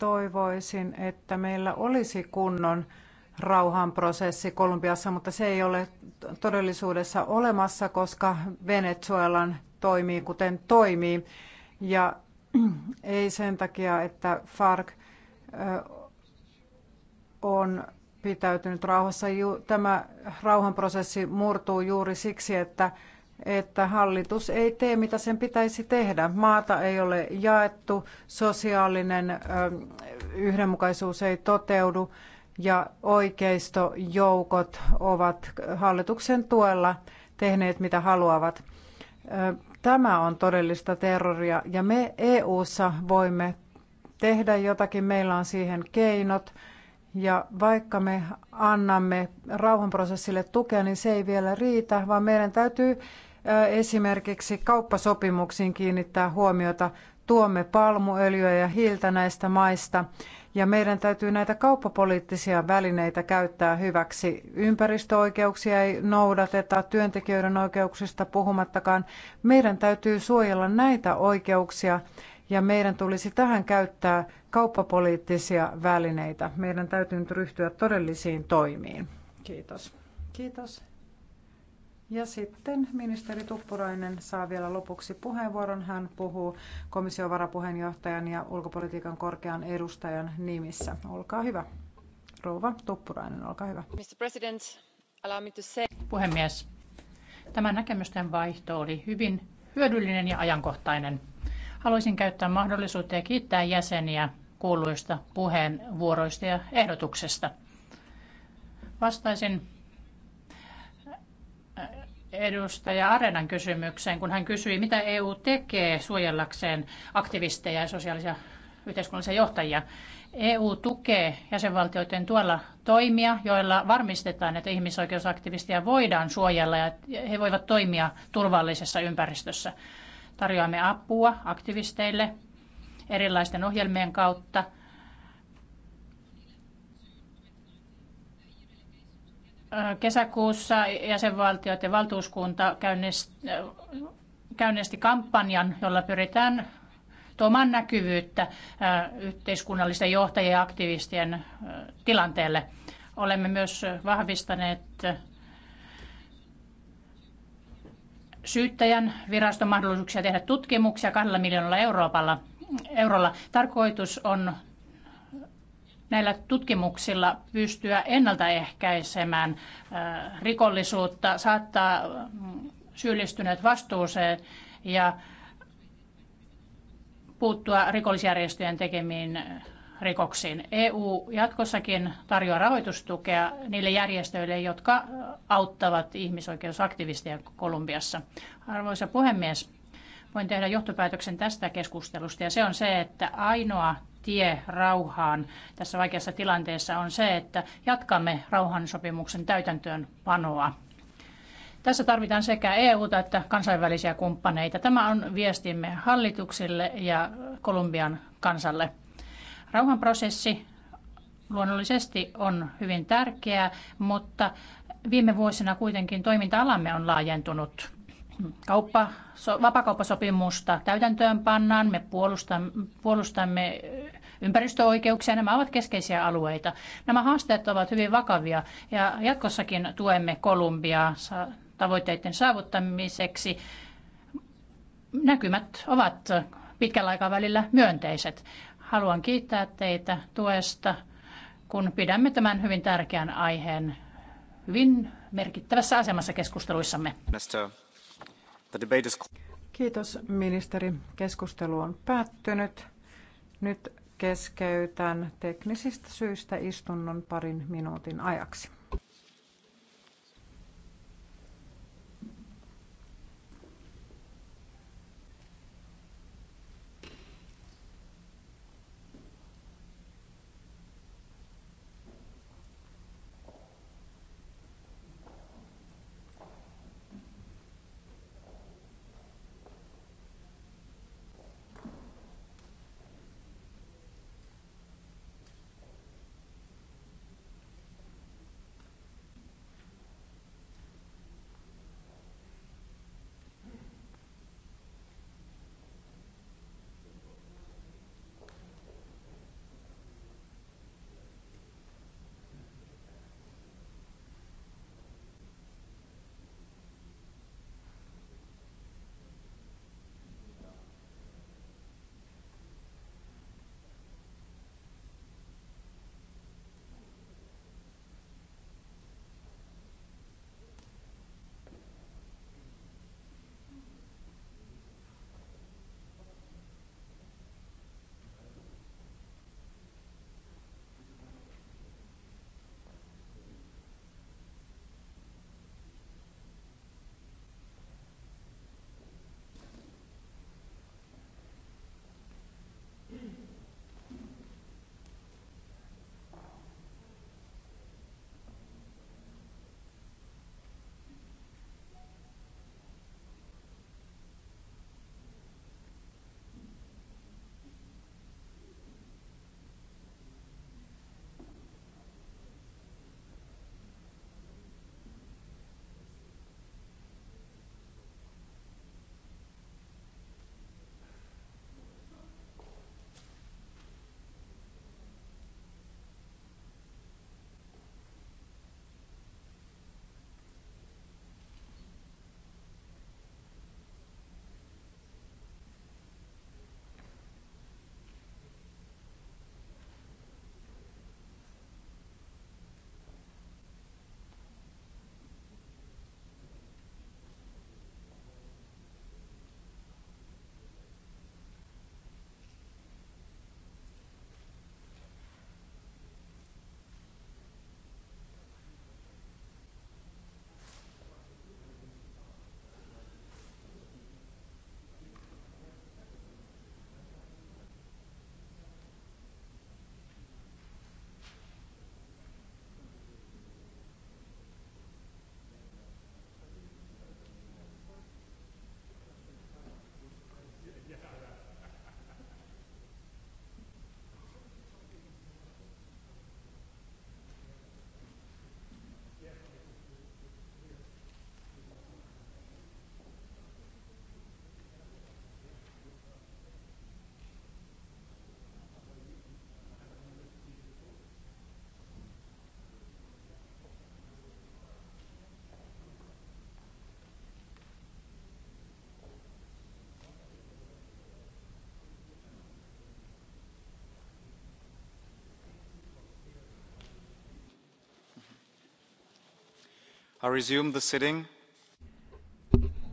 toivoisin, että meillä olisi kunnon rauhanprosessi Kolumbiassa, mutta se ei ole todellisuudessa olemassa, koska Venezuelan toimii kuten toimii. Ja ei sen takia, että FARC on pitäytynyt rauhassa. Tämä rauhanprosessi murtuu juuri siksi, että että hallitus ei tee, mitä sen pitäisi tehdä. Maata ei ole jaettu, sosiaalinen yhdenmukaisuus ei toteudu ja oikeistojoukot ovat hallituksen tuella tehneet, mitä haluavat. Tämä on todellista terroria ja me EU:ssa voimme tehdä jotakin, meillä on siihen keinot. Ja vaikka me annamme rauhanprosessille tukea, niin se ei vielä riitä, vaan meidän täytyy esimerkiksi kauppasopimuksiin kiinnittää huomiota. Tuomme palmuöljyä ja hiiltä näistä maista ja meidän täytyy näitä kauppapoliittisia välineitä käyttää hyväksi. Ympäristöoikeuksia ei noudateta, työntekijöiden oikeuksista puhumattakaan. Meidän täytyy suojella näitä oikeuksia ja meidän tulisi tähän käyttää kauppapoliittisia välineitä. Meidän täytyy nyt ryhtyä todellisiin toimiin. Kiitos. Kiitos. Ja sitten ministeri Tuppurainen saa vielä lopuksi puheenvuoron. Hän puhuu komission varapuheenjohtajan ja ulkopolitiikan korkean edustajan nimissä. Olkaa hyvä. Rouva Tuppurainen, olkaa hyvä. Mr. President, allow me to say... Puhemies, tämä näkemysten vaihto oli hyvin hyödyllinen ja ajankohtainen. Haluaisin käyttää mahdollisuutta ja kiittää jäseniä kuuluista puheenvuoroista ja ehdotuksesta. Vastaisin edustaja Arenan kysymykseen, kun hän kysyi, mitä EU tekee suojellakseen aktivisteja ja sosiaalisia yhteiskunnallisia johtajia. EU tukee jäsenvaltioiden tuella toimia, joilla varmistetaan, että ihmisoikeusaktivisteja voidaan suojella ja he voivat toimia turvallisessa ympäristössä. Tarjoamme apua aktivisteille erilaisten ohjelmien kautta – Kesäkuussa jäsenvaltiot ja valtuuskunta käynnisti kampanjan, jolla pyritään tuomaan näkyvyyttä yhteiskunnallisten johtajien ja aktivistien tilanteelle. Olemme myös vahvistaneet syyttäjän viraston mahdollisuuksia tehdä tutkimuksia kahdella miljoonalla Euroopalla, eurolla. Tarkoitus on näillä tutkimuksilla pystyä ennaltaehkäisemään rikollisuutta, saattaa mm, syyllistyneet vastuuseen ja puuttua rikollisjärjestöjen tekemiin rikoksiin. EU jatkossakin tarjoaa rahoitustukea niille järjestöille, jotka auttavat ihmisoikeusaktivisteja Kolumbiassa. Arvoisa puhemies, voin tehdä johtopäätöksen tästä keskustelusta ja se on se, että ainoa tie rauhaan tässä vaikeassa tilanteessa on se, että jatkamme rauhansopimuksen täytäntöönpanoa. Tässä tarvitaan sekä EUta että kansainvälisiä kumppaneita. Tämä on viestimme hallituksille ja Kolumbian kansalle. Rauhanprosessi luonnollisesti on hyvin tärkeää, mutta viime vuosina kuitenkin toiminta-alamme on laajentunut kauppa, so, vapakauppasopimusta täytäntöön pannaan, me puolustamme, puolustamme ympäristöoikeuksia, nämä ovat keskeisiä alueita. Nämä haasteet ovat hyvin vakavia ja jatkossakin tuemme Kolumbiaa tavoitteiden saavuttamiseksi. Näkymät ovat pitkällä aikavälillä myönteiset. Haluan kiittää teitä tuesta, kun pidämme tämän hyvin tärkeän aiheen hyvin merkittävässä asemassa keskusteluissamme. Mr. Kiitos ministeri. Keskustelu on päättynyt. Nyt keskeytän teknisistä syistä istunnon parin minuutin ajaksi.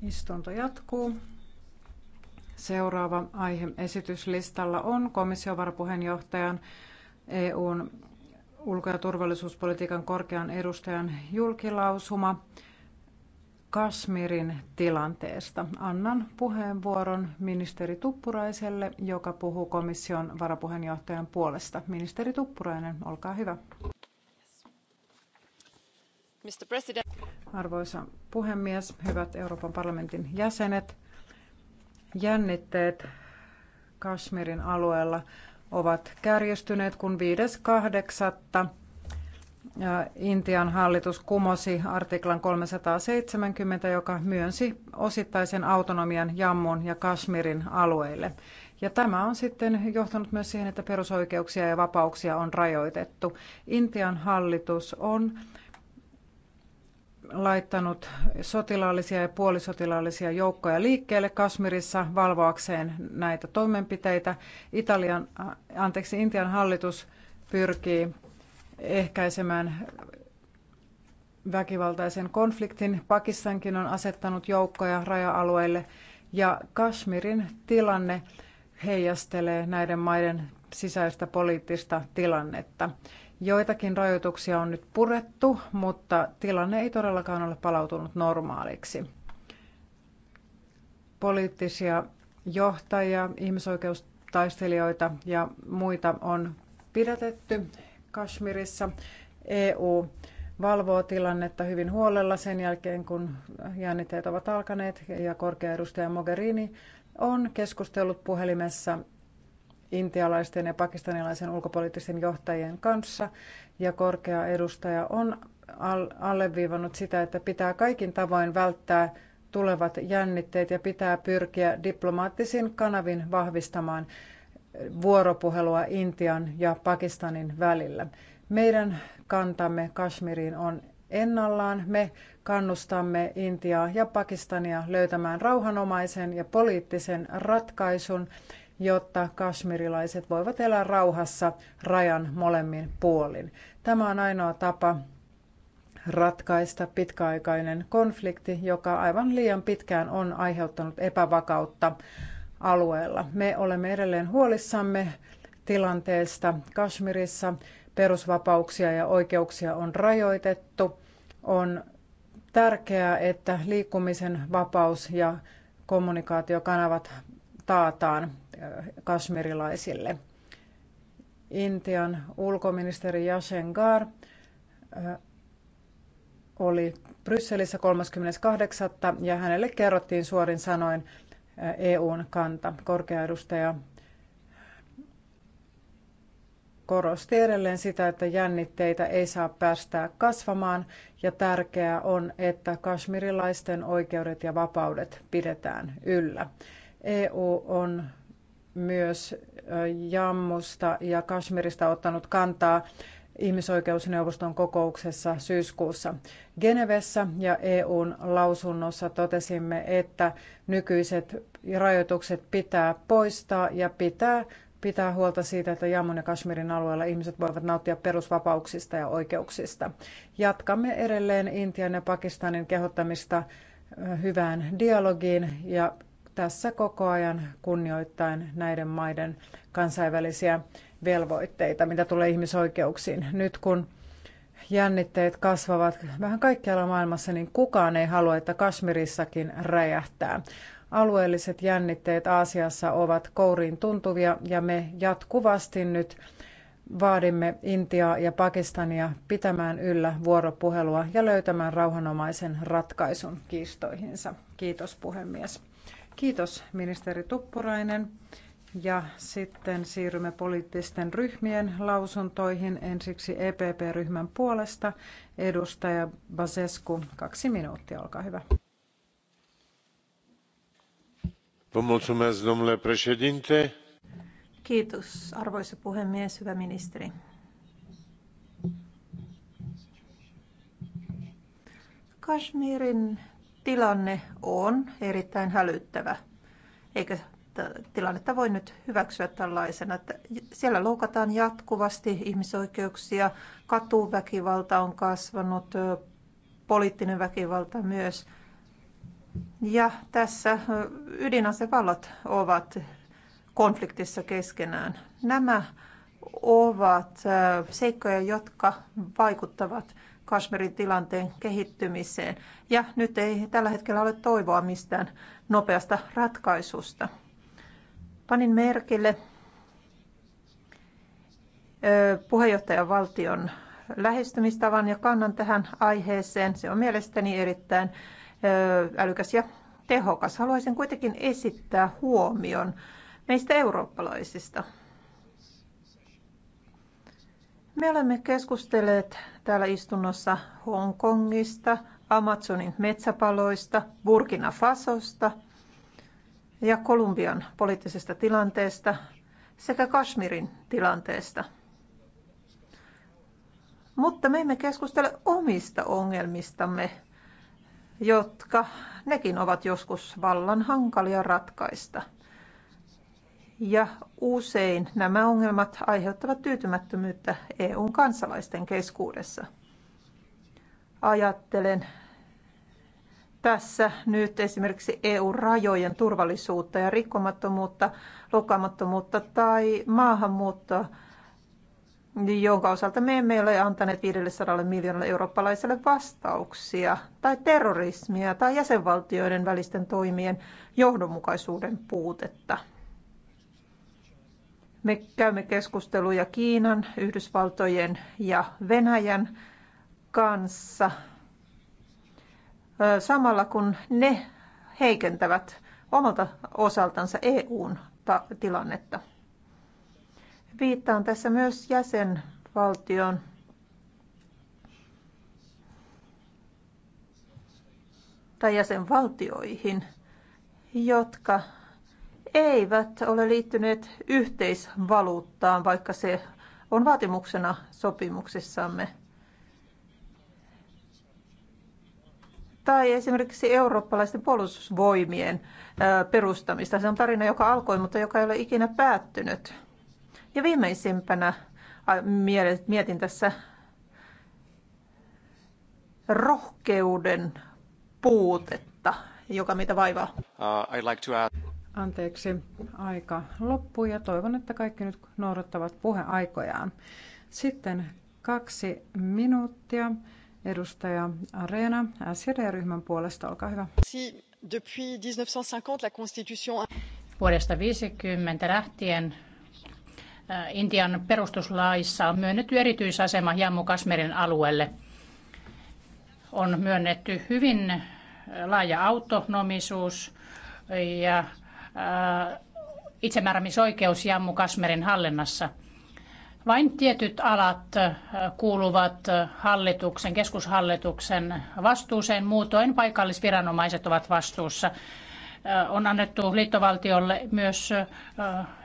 Istunto jatkuu. Seuraava aihe esityslistalla on komission varapuheenjohtajan EUn ulko- ja turvallisuuspolitiikan korkean edustajan julkilausuma Kasmirin tilanteesta. Annan puheenvuoron ministeri Tuppuraiselle, joka puhuu komission varapuheenjohtajan puolesta. Ministeri Tuppurainen, olkaa hyvä. Arvoisa puhemies, hyvät Euroopan parlamentin jäsenet, jännitteet Kashmirin alueella ovat kärjistyneet, kun 5.8. Intian hallitus kumosi artiklan 370, joka myönsi osittaisen autonomian Jammun ja Kashmirin alueille. Ja tämä on sitten johtanut myös siihen, että perusoikeuksia ja vapauksia on rajoitettu. Intian hallitus on laittanut sotilaallisia ja puolisotilaallisia joukkoja liikkeelle Kasmirissa valvoakseen näitä toimenpiteitä. Italian, anteeksi, Intian hallitus pyrkii ehkäisemään väkivaltaisen konfliktin. Pakistankin on asettanut joukkoja raja-alueille ja Kashmirin tilanne heijastelee näiden maiden sisäistä poliittista tilannetta. Joitakin rajoituksia on nyt purettu, mutta tilanne ei todellakaan ole palautunut normaaliksi. Poliittisia johtajia, ihmisoikeustaistelijoita ja muita on pidätetty Kashmirissa. EU valvoo tilannetta hyvin huolella sen jälkeen, kun jännitteet ovat alkaneet ja korkea edustaja Mogherini on keskustellut puhelimessa intialaisten ja pakistanilaisen ulkopoliittisten johtajien kanssa ja korkea edustaja on alleviivannut sitä, että pitää kaikin tavoin välttää tulevat jännitteet ja pitää pyrkiä diplomaattisin kanavin vahvistamaan vuoropuhelua Intian ja Pakistanin välillä. Meidän kantamme Kashmiriin on ennallaan. Me kannustamme Intiaa ja Pakistania löytämään rauhanomaisen ja poliittisen ratkaisun jotta kashmirilaiset voivat elää rauhassa rajan molemmin puolin. Tämä on ainoa tapa ratkaista pitkäaikainen konflikti, joka aivan liian pitkään on aiheuttanut epävakautta alueella. Me olemme edelleen huolissamme tilanteesta Kashmirissa. Perusvapauksia ja oikeuksia on rajoitettu. On tärkeää, että liikkumisen vapaus ja kommunikaatiokanavat taataan kasmerilaisille. Intian ulkoministeri Jasengar äh, oli Brysselissä 38. ja hänelle kerrottiin suorin sanoin äh, EUn kanta. Korkea edustaja korosti edelleen sitä, että jännitteitä ei saa päästää kasvamaan ja tärkeää on, että kasmirilaisten oikeudet ja vapaudet pidetään yllä. EU on myös Jammusta ja Kashmirista ottanut kantaa ihmisoikeusneuvoston kokouksessa syyskuussa. Genevessä ja EUn lausunnossa totesimme, että nykyiset rajoitukset pitää poistaa ja pitää pitää huolta siitä, että Jammun ja Kashmirin alueella ihmiset voivat nauttia perusvapauksista ja oikeuksista. Jatkamme edelleen Intian ja Pakistanin kehottamista hyvään dialogiin ja tässä koko ajan kunnioittain näiden maiden kansainvälisiä velvoitteita, mitä tulee ihmisoikeuksiin. Nyt kun jännitteet kasvavat vähän kaikkialla maailmassa, niin kukaan ei halua, että Kashmirissakin räjähtää. Alueelliset jännitteet Aasiassa ovat kouriin tuntuvia ja me jatkuvasti nyt vaadimme Intiaa ja Pakistania pitämään yllä vuoropuhelua ja löytämään rauhanomaisen ratkaisun kiistoihinsa. Kiitos puhemies. Kiitos ministeri Tuppurainen. Ja sitten siirrymme poliittisten ryhmien lausuntoihin. Ensiksi EPP-ryhmän puolesta edustaja Basescu. Kaksi minuuttia, olkaa hyvä. Kiitos, arvoisa puhemies, hyvä ministeri. Kashmirin tilanne on erittäin hälyttävä, eikä tilannetta voi nyt hyväksyä tällaisena. Että siellä loukataan jatkuvasti ihmisoikeuksia, katuväkivalta on kasvanut, poliittinen väkivalta myös. Ja tässä ydinasevallat ovat konfliktissa keskenään. Nämä ovat seikkoja, jotka vaikuttavat Kashmirin tilanteen kehittymiseen. Ja nyt ei tällä hetkellä ole toivoa mistään nopeasta ratkaisusta. Panin merkille puheenjohtajavaltion lähestymistavan ja kannan tähän aiheeseen. Se on mielestäni erittäin älykäs ja tehokas. Haluaisin kuitenkin esittää huomion meistä eurooppalaisista. Me olemme keskustelleet täällä istunnossa Hongkongista, Amazonin metsäpaloista, Burkina Fasosta ja Kolumbian poliittisesta tilanteesta sekä Kashmirin tilanteesta. Mutta me emme keskustele omista ongelmistamme, jotka nekin ovat joskus vallan hankalia ratkaista – ja usein nämä ongelmat aiheuttavat tyytymättömyyttä EUn kansalaisten keskuudessa. Ajattelen tässä nyt esimerkiksi EU-rajojen turvallisuutta ja rikkomattomuutta, lokamattomuutta tai maahanmuuttoa, jonka osalta me emme ole antaneet 500 miljoonalle eurooppalaiselle vastauksia, tai terrorismia tai jäsenvaltioiden välisten toimien johdonmukaisuuden puutetta. Me käymme keskusteluja Kiinan, Yhdysvaltojen ja Venäjän kanssa samalla kun ne heikentävät omalta osaltansa EUn tilannetta. Viittaan tässä myös jäsenvaltion tai jäsenvaltioihin, jotka eivät ole liittyneet yhteisvaluuttaan, vaikka se on vaatimuksena sopimuksissamme. Tai esimerkiksi eurooppalaisten puolustusvoimien perustamista. Se on tarina, joka alkoi, mutta joka ei ole ikinä päättynyt. Ja viimeisimpänä mietin tässä rohkeuden puutetta, joka mitä vaivaa. Uh, I'd like to add... Anteeksi, aika loppuu ja toivon, että kaikki nyt noudattavat puheaikojaan. Sitten kaksi minuuttia. Edustaja Areena, SJD-ryhmän puolesta, olkaa hyvä. Depuis 1950, la constitution... Vuodesta 50 lähtien äh, Intian perustuslaissa on myönnetty erityisasema Jammu Kasmerin alueelle. On myönnetty hyvin äh, laaja autonomisuus ja Äh, itsemääräämisoikeus Jammu Kasmerin hallinnassa. Vain tietyt alat äh, kuuluvat äh, hallituksen, keskushallituksen vastuuseen, muutoin paikallisviranomaiset ovat vastuussa. On annettu liittovaltiolle myös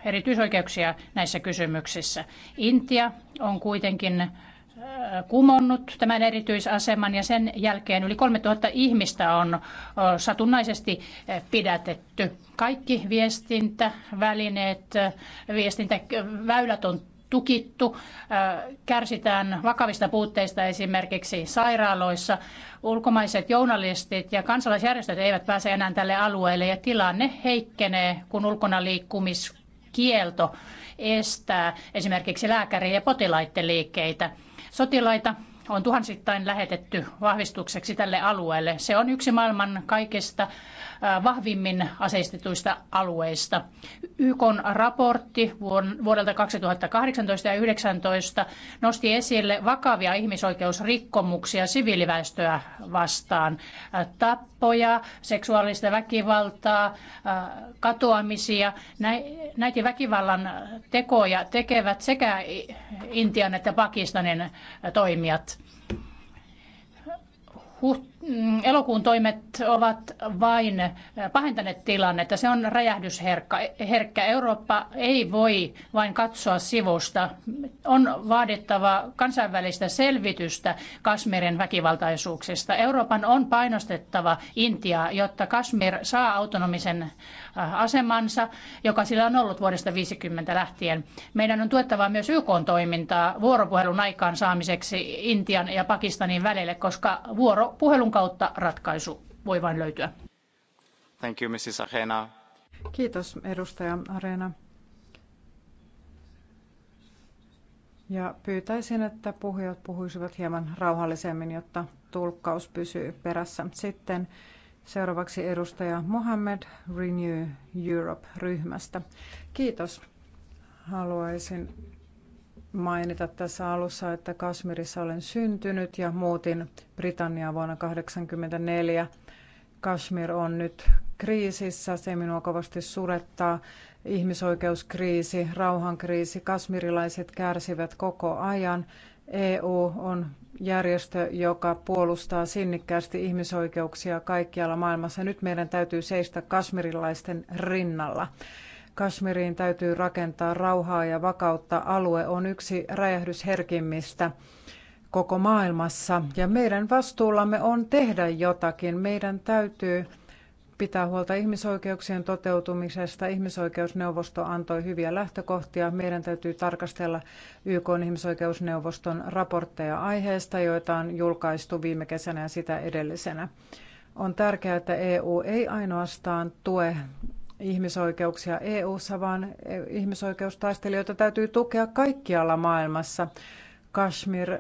erityisoikeuksia näissä kysymyksissä. Intia on kuitenkin Äh, kumonnut tämän erityisaseman ja sen jälkeen yli 3000 ihmistä on satunnaisesti äh, pidätetty. Kaikki viestintävälineet, äh, viestintäväylät on tukittu, kärsitään vakavista puutteista esimerkiksi sairaaloissa. Ulkomaiset journalistit ja kansalaisjärjestöt eivät pääse enää tälle alueelle ja tilanne heikkenee, kun ulkona liikkumiskielto estää esimerkiksi lääkärien ja potilaiden liikkeitä. Sotilaita on tuhansittain lähetetty vahvistukseksi tälle alueelle. Se on yksi maailman kaikista vahvimmin aseistetuista alueista. YK raportti vuodelta 2018 ja 2019 nosti esille vakavia ihmisoikeusrikkomuksia siviiliväestöä vastaan. Tappoja, seksuaalista väkivaltaa, katoamisia. Näitä väkivallan tekoja tekevät sekä Intian että Pakistanin toimijat. Mm, elokuun toimet ovat vain äh, pahentaneet tilannetta. Se on räjähdysherkkä. Herkkä Eurooppa ei voi vain katsoa sivusta. On vaadittava kansainvälistä selvitystä Kasmirin väkivaltaisuuksista. Euroopan on painostettava Intiaa, jotta Kasmir saa autonomisen äh, asemansa, joka sillä on ollut vuodesta 50 lähtien. Meidän on tuettava myös YK toimintaa vuoropuhelun aikaansaamiseksi Intian ja Pakistanin välille, koska vuoropuhelun kautta ratkaisu voi vain löytyä. Thank you, Mrs. Arena. Kiitos, edustaja Arena. Ja pyytäisin, että puhujat puhuisivat hieman rauhallisemmin, jotta tulkkaus pysyy perässä. Sitten seuraavaksi edustaja Mohamed Renew Europe-ryhmästä. Kiitos. Haluaisin mainita tässä alussa, että Kashmirissa olen syntynyt ja muutin Britanniaan vuonna 1984. Kashmir on nyt kriisissä, se minua kovasti surettaa. Ihmisoikeuskriisi, rauhankriisi, kasmirilaiset kärsivät koko ajan. EU on järjestö, joka puolustaa sinnikkäästi ihmisoikeuksia kaikkialla maailmassa. Nyt meidän täytyy seistä kasmirilaisten rinnalla. Kashmiriin täytyy rakentaa rauhaa ja vakautta. Alue on yksi räjähdysherkimmistä koko maailmassa ja meidän vastuullamme on tehdä jotakin. Meidän täytyy pitää huolta ihmisoikeuksien toteutumisesta. Ihmisoikeusneuvosto antoi hyviä lähtökohtia. Meidän täytyy tarkastella YK ihmisoikeusneuvoston raportteja aiheesta, joita on julkaistu viime kesänä ja sitä edellisenä. On tärkeää, että EU ei ainoastaan tue ihmisoikeuksia EU:ssa, vaan ihmisoikeustaistelijoita täytyy tukea kaikkialla maailmassa. Kashmir,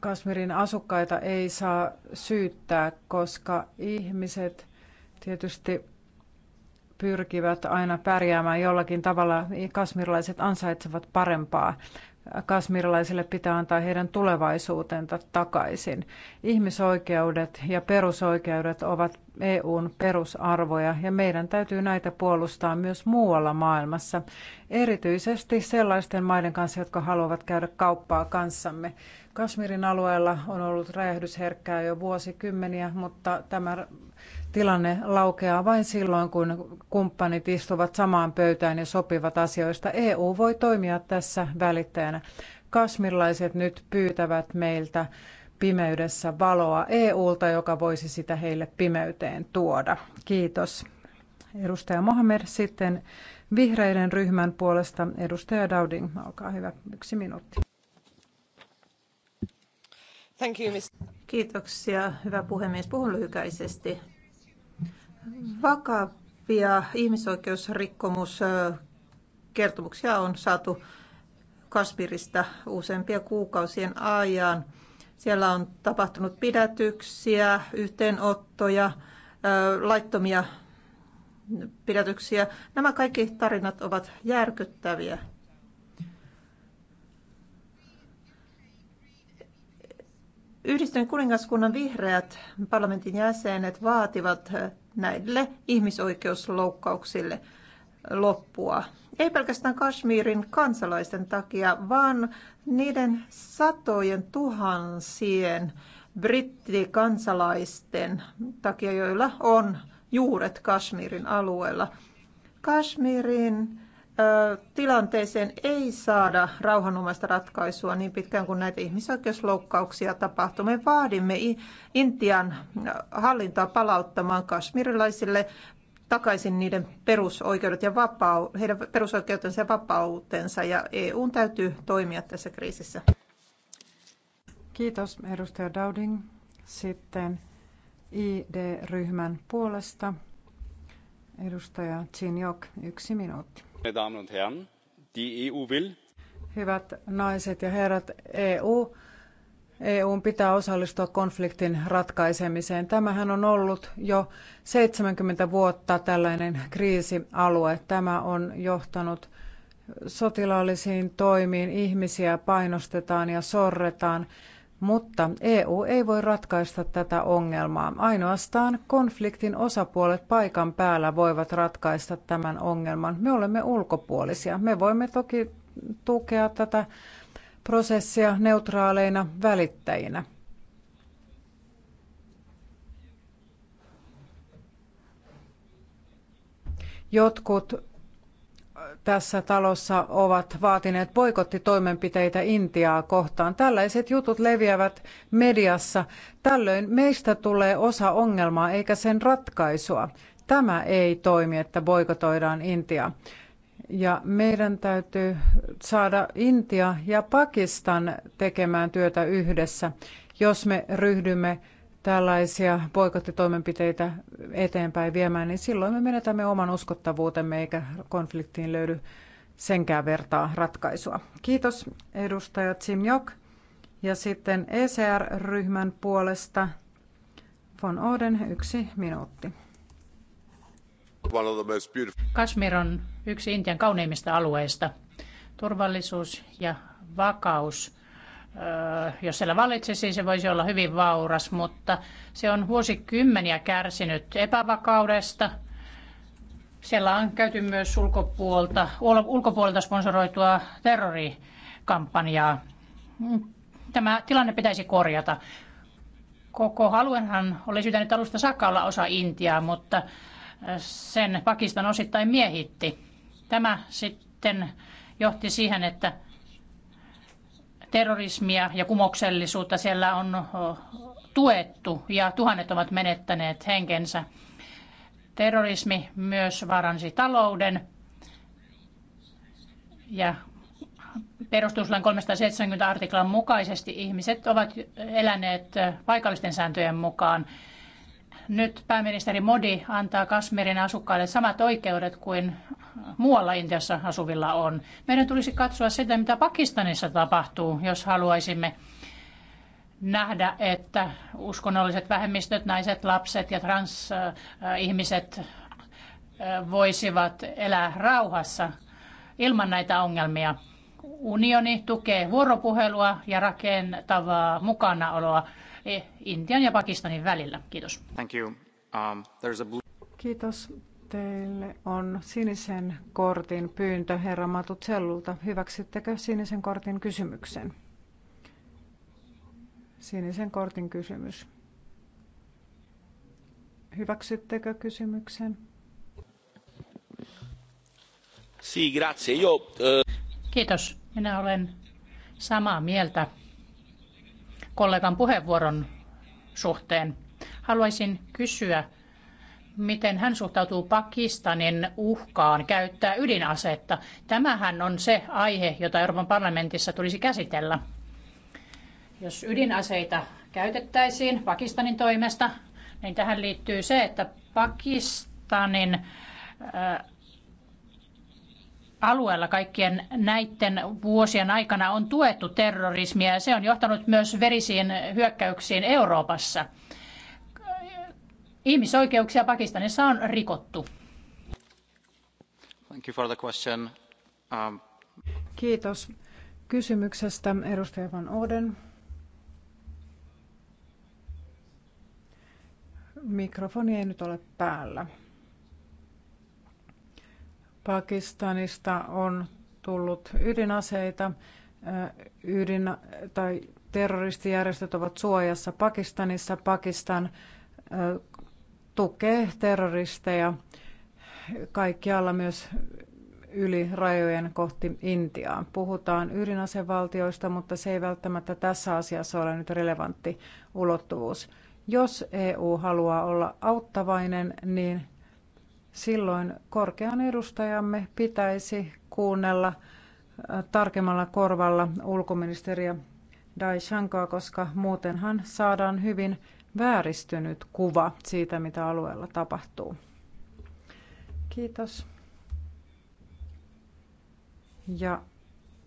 Kashmirin asukkaita ei saa syyttää, koska ihmiset tietysti pyrkivät aina pärjäämään jollakin tavalla. Kasmirlaiset ansaitsevat parempaa kasmirilaisille pitää antaa heidän tulevaisuutensa takaisin. Ihmisoikeudet ja perusoikeudet ovat EUn perusarvoja ja meidän täytyy näitä puolustaa myös muualla maailmassa, erityisesti sellaisten maiden kanssa, jotka haluavat käydä kauppaa kanssamme. Kashmirin alueella on ollut räjähdysherkkää jo vuosikymmeniä, mutta tämä tilanne laukeaa vain silloin, kun kumppanit istuvat samaan pöytään ja sopivat asioista. EU voi toimia tässä välittäjänä. Kasmirlaiset nyt pyytävät meiltä pimeydessä valoa EUlta, joka voisi sitä heille pimeyteen tuoda. Kiitos. Edustaja Mohamed, sitten vihreiden ryhmän puolesta edustaja Dauding, olkaa hyvä, yksi minuutti. Thank you, Kiitoksia, hyvä puhemies. Puhun lyhykäisesti. Vakavia ihmisoikeusrikkomuskertomuksia on saatu Kaspirista useampia kuukausien ajan. Siellä on tapahtunut pidätyksiä, yhteenottoja, laittomia pidätyksiä. Nämä kaikki tarinat ovat järkyttäviä Yhdistyneen kuningaskunnan vihreät parlamentin jäsenet vaativat näille ihmisoikeusloukkauksille loppua. Ei pelkästään Kashmirin kansalaisten takia, vaan niiden satojen tuhansien brittikansalaisten takia, joilla on juuret Kashmirin alueella. Kashmirin tilanteeseen ei saada rauhanomaista ratkaisua niin pitkään kuin näitä ihmisoikeusloukkauksia tapahtuu. Me vaadimme Intian hallintoa palauttamaan kasmirilaisille takaisin niiden perusoikeudet ja vapau, heidän perusoikeutensa ja vapautensa ja EUn täytyy toimia tässä kriisissä. Kiitos edustaja Sitten ID-ryhmän puolesta edustaja Chinjok, yksi minuutti. E Hyvät naiset ja herrat, EU EUn pitää osallistua konfliktin ratkaisemiseen. Tämähän on ollut jo 70 vuotta tällainen kriisialue. Tämä on johtanut sotilaallisiin toimiin, ihmisiä painostetaan ja sorretaan. Mutta EU ei voi ratkaista tätä ongelmaa. Ainoastaan konfliktin osapuolet paikan päällä voivat ratkaista tämän ongelman. Me olemme ulkopuolisia. Me voimme toki tukea tätä prosessia neutraaleina välittäjinä. Jotkut tässä talossa ovat vaatineet boikottitoimenpiteitä Intiaa kohtaan. Tällaiset jutut leviävät mediassa. Tällöin meistä tulee osa ongelmaa eikä sen ratkaisua. Tämä ei toimi, että boikotoidaan Intiaa. Ja meidän täytyy saada Intia ja Pakistan tekemään työtä yhdessä, jos me ryhdymme tällaisia boikottitoimenpiteitä eteenpäin viemään, niin silloin me menetämme oman uskottavuutemme eikä konfliktiin löydy senkään vertaa ratkaisua. Kiitos edustaja Jok. Ja sitten ECR-ryhmän puolesta von Oden yksi minuutti. Kashmir on yksi Intian kauneimmista alueista. Turvallisuus ja vakaus jos siellä vallitsisi, se voisi olla hyvin vauras, mutta se on vuosikymmeniä kärsinyt epävakaudesta. Siellä on käyty myös ulkopuolta, ulkopuolelta sponsoroitua terrorikampanjaa. Tämä tilanne pitäisi korjata. Koko alueenhan oli syytä alusta saakka olla osa Intiaa, mutta sen Pakistan osittain miehitti. Tämä sitten johti siihen, että terrorismia ja kumouksellisuutta siellä on tuettu ja tuhannet ovat menettäneet henkensä. Terrorismi myös varansi talouden ja perustuslain 370 artiklan mukaisesti ihmiset ovat eläneet paikallisten sääntöjen mukaan nyt pääministeri Modi antaa Kasmerin asukkaille samat oikeudet kuin muualla Intiassa asuvilla on. Meidän tulisi katsoa sitä, mitä Pakistanissa tapahtuu, jos haluaisimme nähdä, että uskonnolliset vähemmistöt, naiset, lapset ja transihmiset äh, voisivat elää rauhassa ilman näitä ongelmia. Unioni tukee vuoropuhelua ja rakentavaa mukanaoloa Eh, Intian ja Pakistanin välillä. Kiitos. Thank you. Um, there's a blue... Kiitos. Teille on sinisen kortin pyyntö herra Matutsellulta. Hyväksyttekö sinisen kortin kysymyksen? Sinisen kortin kysymys. Hyväksyttekö kysymyksen? Eh, Kiitos. Minä olen samaa mieltä kollegan puheenvuoron suhteen. Haluaisin kysyä, miten hän suhtautuu Pakistanin uhkaan käyttää ydinasetta. Tämähän on se aihe, jota Euroopan parlamentissa tulisi käsitellä. Jos ydinaseita käytettäisiin Pakistanin toimesta, niin tähän liittyy se, että Pakistanin äh, alueella kaikkien näiden vuosien aikana on tuettu terrorismia ja se on johtanut myös verisiin hyökkäyksiin Euroopassa. Ihmisoikeuksia Pakistanissa on rikottu. Thank you for the question. Um... Kiitos kysymyksestä, edustaja Van Oden. Mikrofoni ei nyt ole päällä. Pakistanista on tullut ydinaseita, ydin- tai terroristijärjestöt ovat suojassa Pakistanissa. Pakistan tukee terroristeja kaikkialla myös yli rajojen kohti Intiaa. Puhutaan ydinasevaltioista, mutta se ei välttämättä tässä asiassa ole nyt relevantti ulottuvuus. Jos EU haluaa olla auttavainen, niin silloin korkean edustajamme pitäisi kuunnella äh, tarkemmalla korvalla ulkoministeriä Dai Shankoa, koska muutenhan saadaan hyvin vääristynyt kuva siitä, mitä alueella tapahtuu. Kiitos. Ja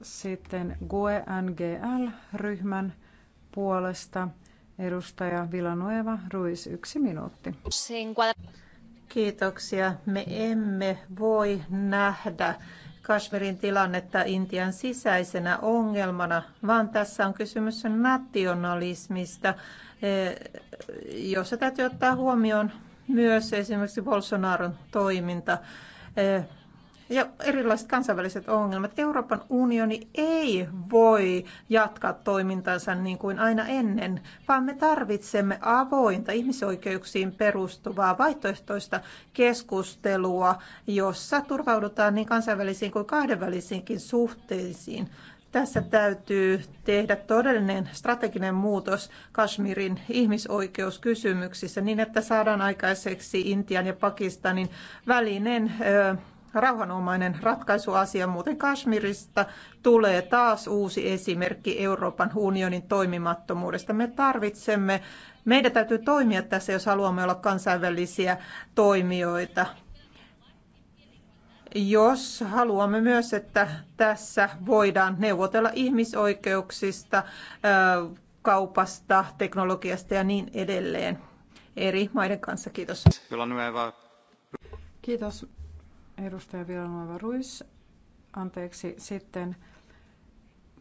sitten GUE NGL-ryhmän puolesta edustaja Villanueva Ruiz, yksi minuutti. Kiitoksia. Me emme voi nähdä Kashmirin tilannetta Intian sisäisenä ongelmana, vaan tässä on kysymys nationalismista, e, jossa täytyy ottaa huomioon myös esimerkiksi Bolsonaron toiminta. E, ja erilaiset kansainväliset ongelmat. Euroopan unioni ei voi jatkaa toimintansa niin kuin aina ennen, vaan me tarvitsemme avointa ihmisoikeuksiin perustuvaa vaihtoehtoista keskustelua, jossa turvaudutaan niin kansainvälisiin kuin kahdenvälisiinkin suhteisiin. Tässä täytyy tehdä todellinen strateginen muutos Kashmirin ihmisoikeuskysymyksissä niin, että saadaan aikaiseksi Intian ja Pakistanin välinen rauhanomainen ratkaisuasia. Muuten Kashmirista tulee taas uusi esimerkki Euroopan unionin toimimattomuudesta. Me tarvitsemme, meidän täytyy toimia tässä, jos haluamme olla kansainvälisiä toimijoita jos haluamme myös, että tässä voidaan neuvotella ihmisoikeuksista, kaupasta, teknologiasta ja niin edelleen eri maiden kanssa. Kiitos. Kiitos. Edustaja Villanueva Ruiz, anteeksi, sitten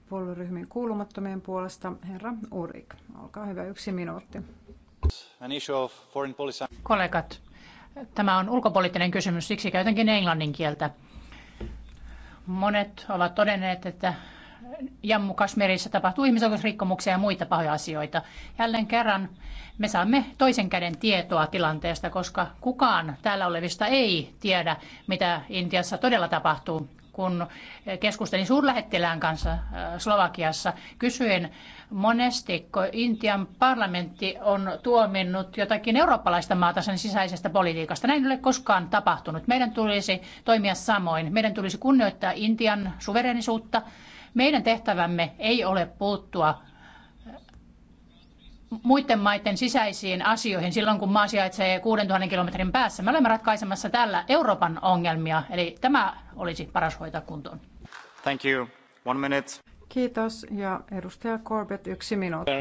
puolueryhmiin kuulumattomien puolesta herra Urik. Olkaa hyvä, yksi minuutti. Kollegat, tämä on ulkopoliittinen kysymys, siksi käytänkin englannin kieltä. Monet ovat todenneet, että Jammu Kashmirissa tapahtuu ihmisoikeusrikkomuksia ja muita pahoja asioita. Jälleen kerran me saamme toisen käden tietoa tilanteesta, koska kukaan täällä olevista ei tiedä, mitä Intiassa todella tapahtuu. Kun keskustelin suurlähettilään kanssa äh, Slovakiassa, kysyin monesti, kun Intian parlamentti on tuominnut jotakin eurooppalaista maata sen sisäisestä politiikasta. Näin ei ole koskaan tapahtunut. Meidän tulisi toimia samoin. Meidän tulisi kunnioittaa Intian suverenisuutta, meidän tehtävämme ei ole puuttua muiden maiden sisäisiin asioihin silloin, kun maa sijaitsee 6000 kilometrin päässä. Me olemme ratkaisemassa täällä Euroopan ongelmia, eli tämä olisi paras hoitaa kuntoon. Thank you. One minute. Kiitos. Ja edustaja Corbett, yksi minuutti.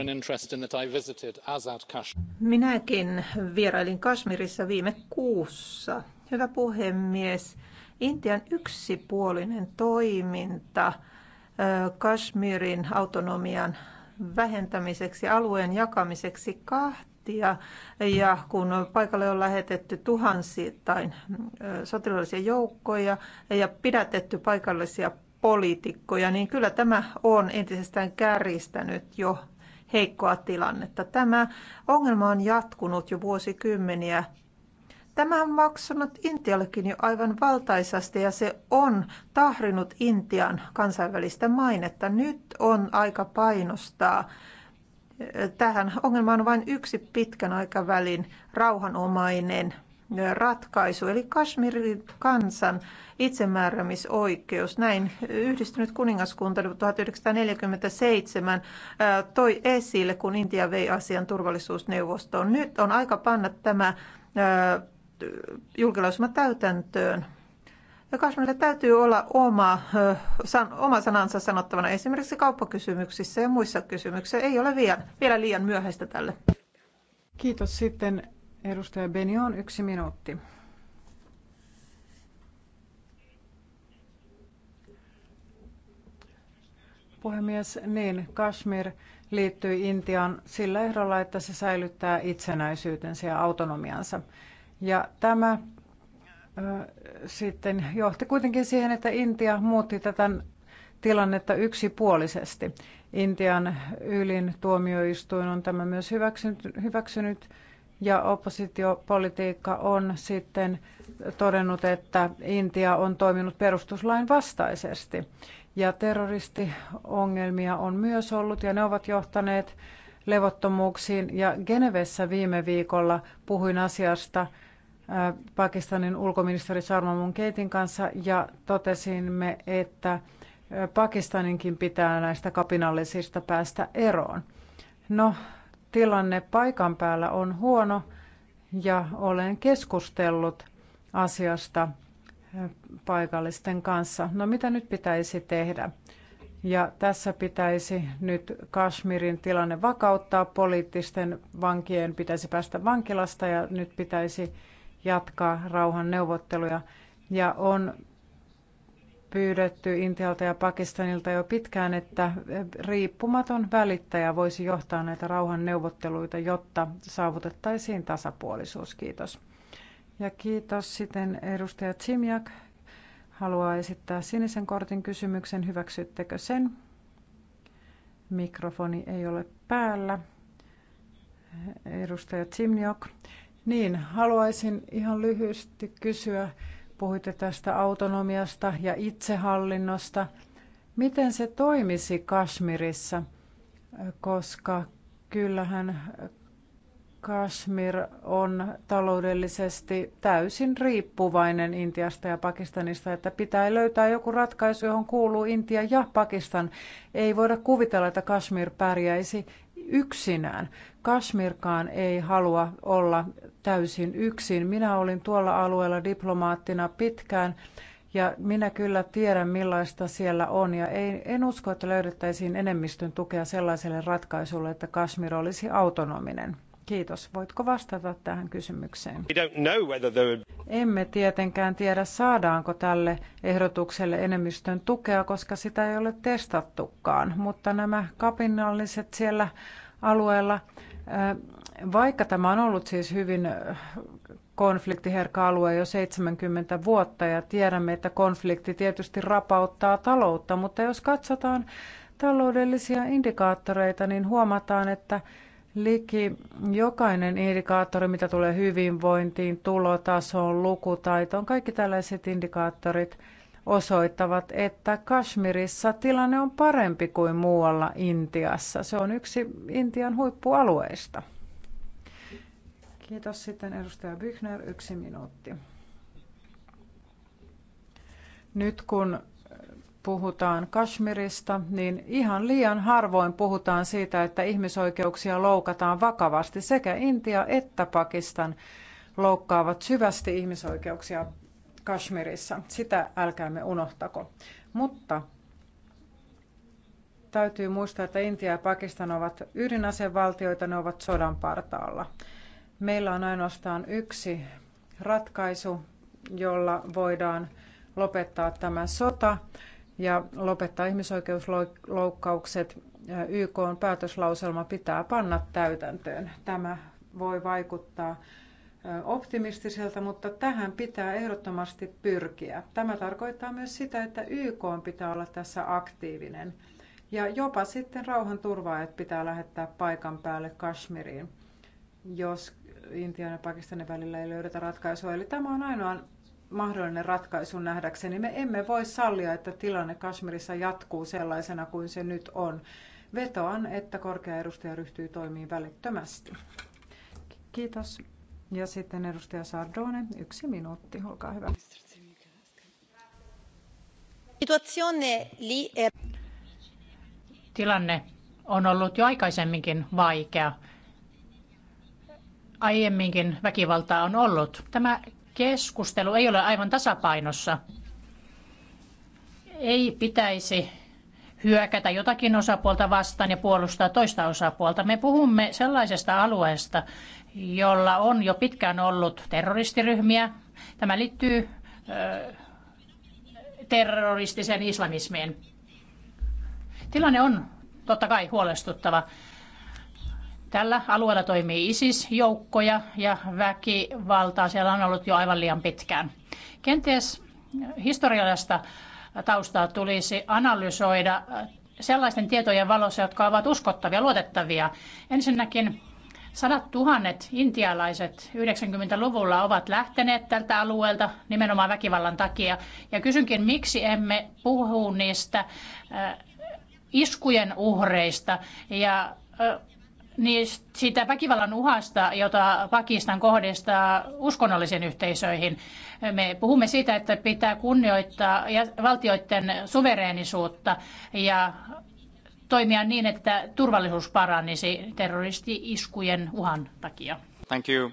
Minäkin vierailin Kashmirissa viime kuussa. Hyvä puhemies, Intian yksipuolinen toiminta – Kashmirin autonomian vähentämiseksi, alueen jakamiseksi kahtia. Ja kun paikalle on lähetetty tuhansittain sotilaallisia joukkoja ja pidätetty paikallisia poliitikkoja, niin kyllä tämä on entisestään kärjistänyt jo heikkoa tilannetta. Tämä ongelma on jatkunut jo vuosikymmeniä Tämä on maksanut Intiallekin jo aivan valtaisasti ja se on tahrinut Intian kansainvälistä mainetta. Nyt on aika painostaa. Tähän ongelmaan on vain yksi pitkän aikavälin rauhanomainen ratkaisu, eli Kashmirin kansan itsemääräämisoikeus. Näin yhdistynyt kuningaskunta 1947 toi esille, kun Intia vei asian turvallisuusneuvostoon. Nyt on aika panna tämä julkilausuma täytäntöön. Jokaisella täytyy olla oma, san, oma sanansa sanottavana esimerkiksi kauppakysymyksissä ja muissa kysymyksissä. Ei ole vielä, vielä liian myöhäistä tälle. Kiitos sitten edustaja Benion. Yksi minuutti. Puhemies, niin Kashmir liittyy Intiaan sillä ehdolla, että se säilyttää itsenäisyytensä ja autonomiansa. Ja tämä sitten johti kuitenkin siihen, että Intia muutti tätä tilannetta yksipuolisesti. Intian ylin tuomioistuin on tämä myös hyväksynyt, hyväksynyt ja oppositiopolitiikka on sitten todennut, että Intia on toiminut perustuslain vastaisesti. Ja terroristiongelmia on myös ollut ja ne ovat johtaneet levottomuuksiin. Ja Genevessä viime viikolla puhuin asiasta Pakistanin ulkoministeri Sharma Munkeitin kanssa ja totesimme, että Pakistaninkin pitää näistä kapinallisista päästä eroon. No, tilanne paikan päällä on huono ja olen keskustellut asiasta paikallisten kanssa. No mitä nyt pitäisi tehdä? Ja tässä pitäisi nyt Kashmirin tilanne vakauttaa, poliittisten vankien pitäisi päästä vankilasta ja nyt pitäisi jatkaa rauhan neuvotteluja. Ja on pyydetty Intialta ja Pakistanilta jo pitkään, että riippumaton välittäjä voisi johtaa näitä rauhanneuvotteluita, jotta saavutettaisiin tasapuolisuus. Kiitos. Ja kiitos sitten edustaja Tsimiak. Haluaa esittää sinisen kortin kysymyksen. Hyväksyttekö sen? Mikrofoni ei ole päällä. Edustaja Tsimniok. Niin, haluaisin ihan lyhyesti kysyä, puhuitte tästä autonomiasta ja itsehallinnosta. Miten se toimisi Kashmirissa? Koska kyllähän Kashmir on taloudellisesti täysin riippuvainen Intiasta ja Pakistanista, että pitää löytää joku ratkaisu, johon kuuluu Intia ja Pakistan. Ei voida kuvitella, että Kashmir pärjäisi yksinään. Kashmirkaan ei halua olla täysin yksin. Minä olin tuolla alueella diplomaattina pitkään ja minä kyllä tiedän millaista siellä on ja ei, en usko, että löydettäisiin enemmistön tukea sellaiselle ratkaisulle, että Kashmir olisi autonominen. Kiitos. Voitko vastata tähän kysymykseen? Emme tietenkään tiedä, saadaanko tälle ehdotukselle enemmistön tukea, koska sitä ei ole testattukaan. Mutta nämä kapinalliset siellä alueella vaikka tämä on ollut siis hyvin äh, konfliktiherkä alue jo 70 vuotta ja tiedämme, että konflikti tietysti rapauttaa taloutta, mutta jos katsotaan taloudellisia indikaattoreita, niin huomataan, että liki jokainen indikaattori, mitä tulee hyvinvointiin, tulotasoon, lukutaitoon, kaikki tällaiset indikaattorit osoittavat, että Kashmirissa tilanne on parempi kuin muualla Intiassa. Se on yksi Intian huippualueista. Kiitos sitten edustaja Bychner, yksi minuutti. Nyt kun puhutaan Kashmirista, niin ihan liian harvoin puhutaan siitä, että ihmisoikeuksia loukataan vakavasti. Sekä Intia että Pakistan loukkaavat syvästi ihmisoikeuksia Kashmirissa. Sitä älkäämme unohtako. Mutta täytyy muistaa, että Intia ja Pakistan ovat ydinasevaltioita, ne ovat sodan partaalla. Meillä on ainoastaan yksi ratkaisu, jolla voidaan lopettaa tämä sota ja lopettaa ihmisoikeusloukkaukset. YK on päätöslauselma pitää panna täytäntöön. Tämä voi vaikuttaa optimistiselta, mutta tähän pitää ehdottomasti pyrkiä. Tämä tarkoittaa myös sitä, että YK on pitää olla tässä aktiivinen. Ja jopa sitten rauhanturvaajat pitää lähettää paikan päälle Kashmiriin, jos Intian ja Pakistanin välillä ei löydetä ratkaisua. Eli tämä on ainoa mahdollinen ratkaisu nähdäkseni. Me emme voi sallia, että tilanne Kashmirissa jatkuu sellaisena kuin se nyt on. Vetoan, että korkea edustaja ryhtyy toimiin välittömästi. Kiitos. Ja sitten edustaja Sardone, yksi minuutti, olkaa hyvä. Tilanne on ollut jo aikaisemminkin vaikea aiemminkin väkivaltaa on ollut. Tämä keskustelu ei ole aivan tasapainossa. Ei pitäisi hyökätä jotakin osapuolta vastaan ja puolustaa toista osapuolta. Me puhumme sellaisesta alueesta, jolla on jo pitkään ollut terroristiryhmiä. Tämä liittyy ö, terroristiseen islamismiin. Tilanne on totta kai huolestuttava. Tällä alueella toimii ISIS-joukkoja ja väkivaltaa siellä on ollut jo aivan liian pitkään. Kenties historiallista taustaa tulisi analysoida sellaisten tietojen valossa, jotka ovat uskottavia, luotettavia. Ensinnäkin sadat tuhannet intialaiset 90-luvulla ovat lähteneet tältä alueelta nimenomaan väkivallan takia. Ja kysynkin, miksi emme puhu niistä äh, iskujen uhreista ja äh, niin siitä väkivallan uhasta, jota Pakistan kohdistaa uskonnollisiin yhteisöihin. Me puhumme siitä, että pitää kunnioittaa valtioiden suvereenisuutta ja toimia niin, että turvallisuus parannisi terroristi-iskujen uhan takia. Thank you.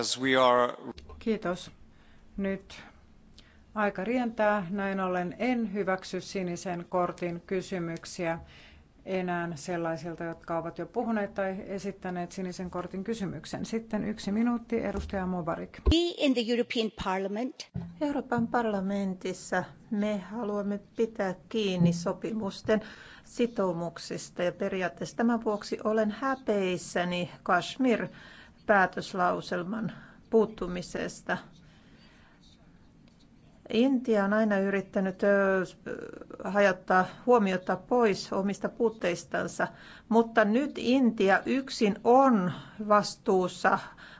As we are... Kiitos. Nyt aika rientää. Näin ollen en hyväksy sinisen kortin kysymyksiä enää sellaisilta, jotka ovat jo puhuneet tai esittäneet sinisen kortin kysymyksen. Sitten yksi minuutti, edustaja Mobarik. in the European Parliament. Euroopan parlamentissa me haluamme pitää kiinni sopimusten sitoumuksista ja periaatteessa tämän vuoksi olen häpeissäni Kashmir päätöslauselman puuttumisesta. Intia on aina yrittänyt hajottaa huomiota pois omista puutteistansa, mutta nyt Intia yksin on vastuussa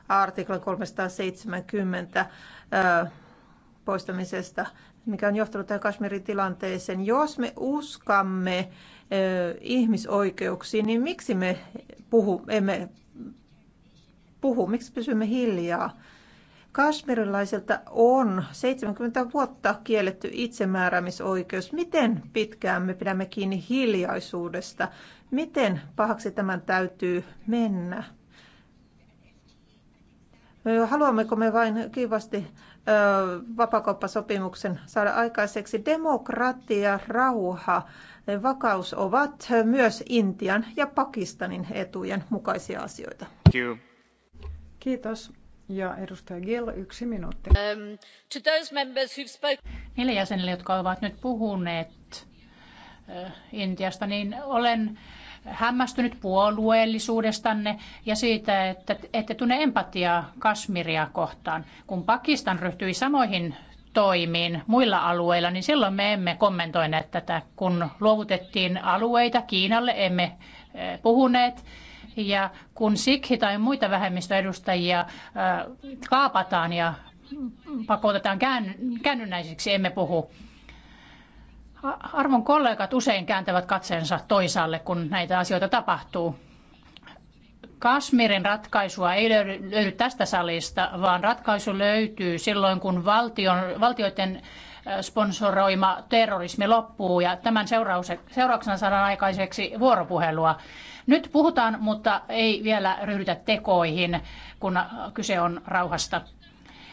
artiklan 370 poistamisesta, mikä on johtanut tähän Kashmirin tilanteeseen. Jos me uskamme ihmisoikeuksiin, niin miksi me puhu, emme puhu, miksi pysymme hiljaa? Kashmirilaisilta on 70 vuotta kielletty itsemääräämisoikeus. Miten pitkään me pidämme kiinni hiljaisuudesta? Miten pahaksi tämän täytyy mennä? Haluammeko me vain kivasti vapakauppasopimuksen saada aikaiseksi? Demokratia, rauha, vakaus ovat myös Intian ja Pakistanin etujen mukaisia asioita. Kiitos. Um, Niille jäsenille, jotka ovat nyt puhuneet eh, Intiasta, niin olen hämmästynyt puolueellisuudestanne ja siitä, että ette tunne empatiaa Kasmiria kohtaan. Kun Pakistan ryhtyi samoihin toimiin muilla alueilla, niin silloin me emme kommentoineet tätä. Kun luovutettiin alueita Kiinalle, emme eh, puhuneet. Ja kun sikhi tai muita vähemmistöedustajia äh, kaapataan ja pakotetaan käännynnäisiksi, emme puhu. Arvon kollegat usein kääntävät katseensa toisaalle, kun näitä asioita tapahtuu. Kasmirin ratkaisua ei löydy, löydy tästä salista, vaan ratkaisu löytyy silloin, kun valtion, valtioiden sponsoroima terrorismi loppuu ja tämän seurauksena saadaan aikaiseksi vuoropuhelua. Nyt puhutaan, mutta ei vielä ryhdytä tekoihin, kun kyse on rauhasta.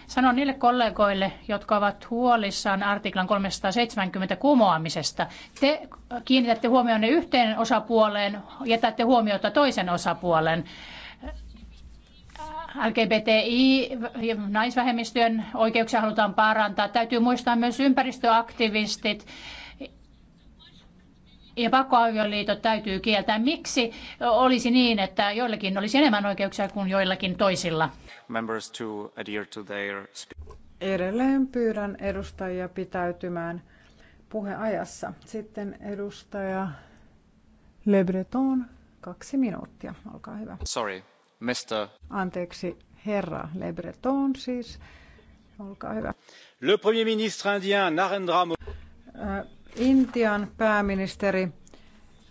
Sanon niille kollegoille, jotka ovat huolissaan artiklan 370 kumoamisesta. Te kiinnitätte huomionne yhteen osapuoleen, jätätte huomiota toisen osapuolen. LGBTI, naisvähemmistöjen oikeuksia halutaan parantaa. Täytyy muistaa myös ympäristöaktivistit ja pakkoavioliitot täytyy kieltää. Miksi olisi niin, että joillakin olisi enemmän oikeuksia kuin joillakin toisilla? Edelleen pyydän edustajia pitäytymään puheajassa. Sitten edustaja Le Breton, kaksi minuuttia, olkaa hyvä. Sorry, Anteeksi, herra Le Breton siis. Olkaa hyvä. Le premier ministre indien Narendra Modi. Intian pääministeri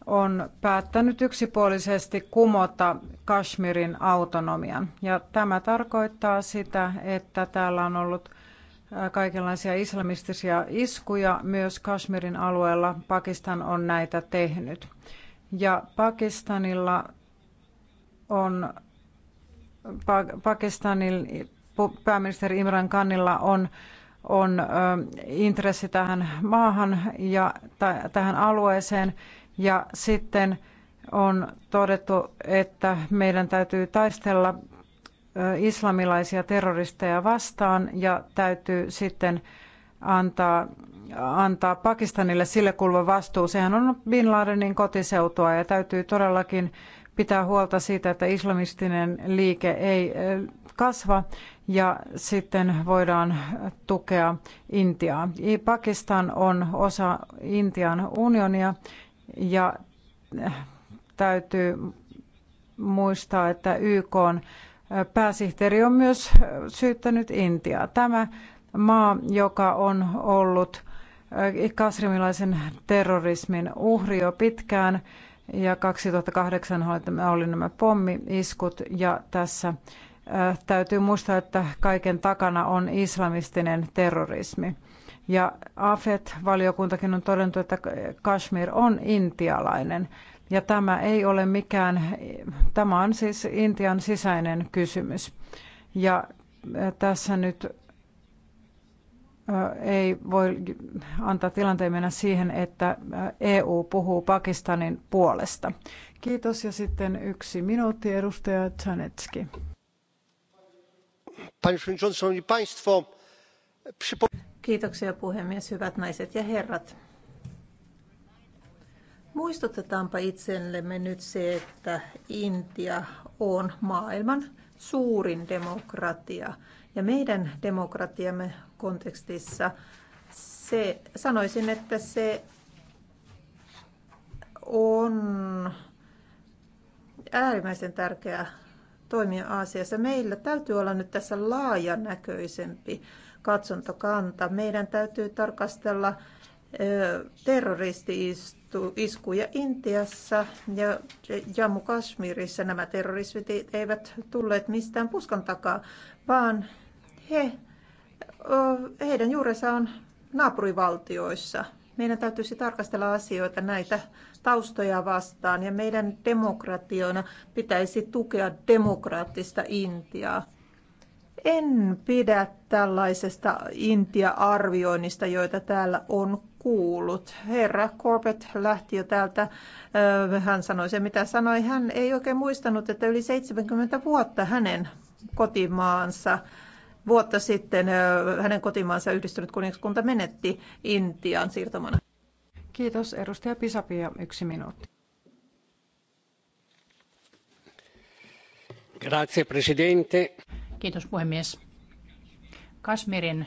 on päättänyt yksipuolisesti kumota Kashmirin autonomian. Ja tämä tarkoittaa sitä, että täällä on ollut kaikenlaisia islamistisia iskuja myös Kashmirin alueella. Pakistan on näitä tehnyt. Ja Pakistanilla on Pakistanin pääministeri Imran Kannilla on on intressi tähän maahan ja tähän alueeseen. Ja sitten on todettu, että meidän täytyy taistella islamilaisia terroristeja vastaan ja täytyy sitten antaa, antaa Pakistanille sille kuuluva vastuu. Sehän on Bin Ladenin kotiseutua ja täytyy todellakin pitää huolta siitä, että islamistinen liike ei kasva ja sitten voidaan tukea Intiaa. Pakistan on osa Intian unionia ja äh, täytyy muistaa, että YK on pääsihteeri on myös syyttänyt Intiaa. Tämä maa, joka on ollut kasrimilaisen terrorismin uhri jo pitkään, ja 2008 oli nämä pommi-iskut ja tässä täytyy muistaa, että kaiken takana on islamistinen terrorismi. Ja AFET-valiokuntakin on todennut, että Kashmir on intialainen. Ja tämä ei ole mikään, tämä on siis Intian sisäinen kysymys. Ja tässä nyt ei voi antaa tilanteen mennä siihen, että EU puhuu Pakistanin puolesta. Kiitos ja sitten yksi minuutti edustaja Zanetski. Kiitoksia puhemies, hyvät naiset ja herrat. Muistutetaanpa itsellemme nyt se, että Intia on maailman suurin demokratia – ja meidän demokratiamme kontekstissa se, sanoisin, että se on äärimmäisen tärkeä toimia Aasiassa. Meillä täytyy olla nyt tässä laajanäköisempi katsontokanta. Meidän täytyy tarkastella terroristi-iskuja Intiassa ja Jammu Kashmirissa. Nämä terroristit eivät tulleet mistään puskan takaa, vaan he, heidän juurensa on naapurivaltioissa. Meidän täytyisi tarkastella asioita näitä taustoja vastaan ja meidän demokratioina pitäisi tukea demokraattista Intiaa. En pidä tällaisesta Intia-arvioinnista, joita täällä on kuullut. Herra Corbett lähti jo täältä, hän sanoi se mitä sanoi. Hän ei oikein muistanut, että yli 70 vuotta hänen kotimaansa vuotta sitten hänen kotimaansa yhdistynyt kuningaskunta menetti Intian siirtomana. Kiitos. Edustaja Pisapia, yksi minuutti. Grazie, presidente. Kiitos puhemies. Kasmirin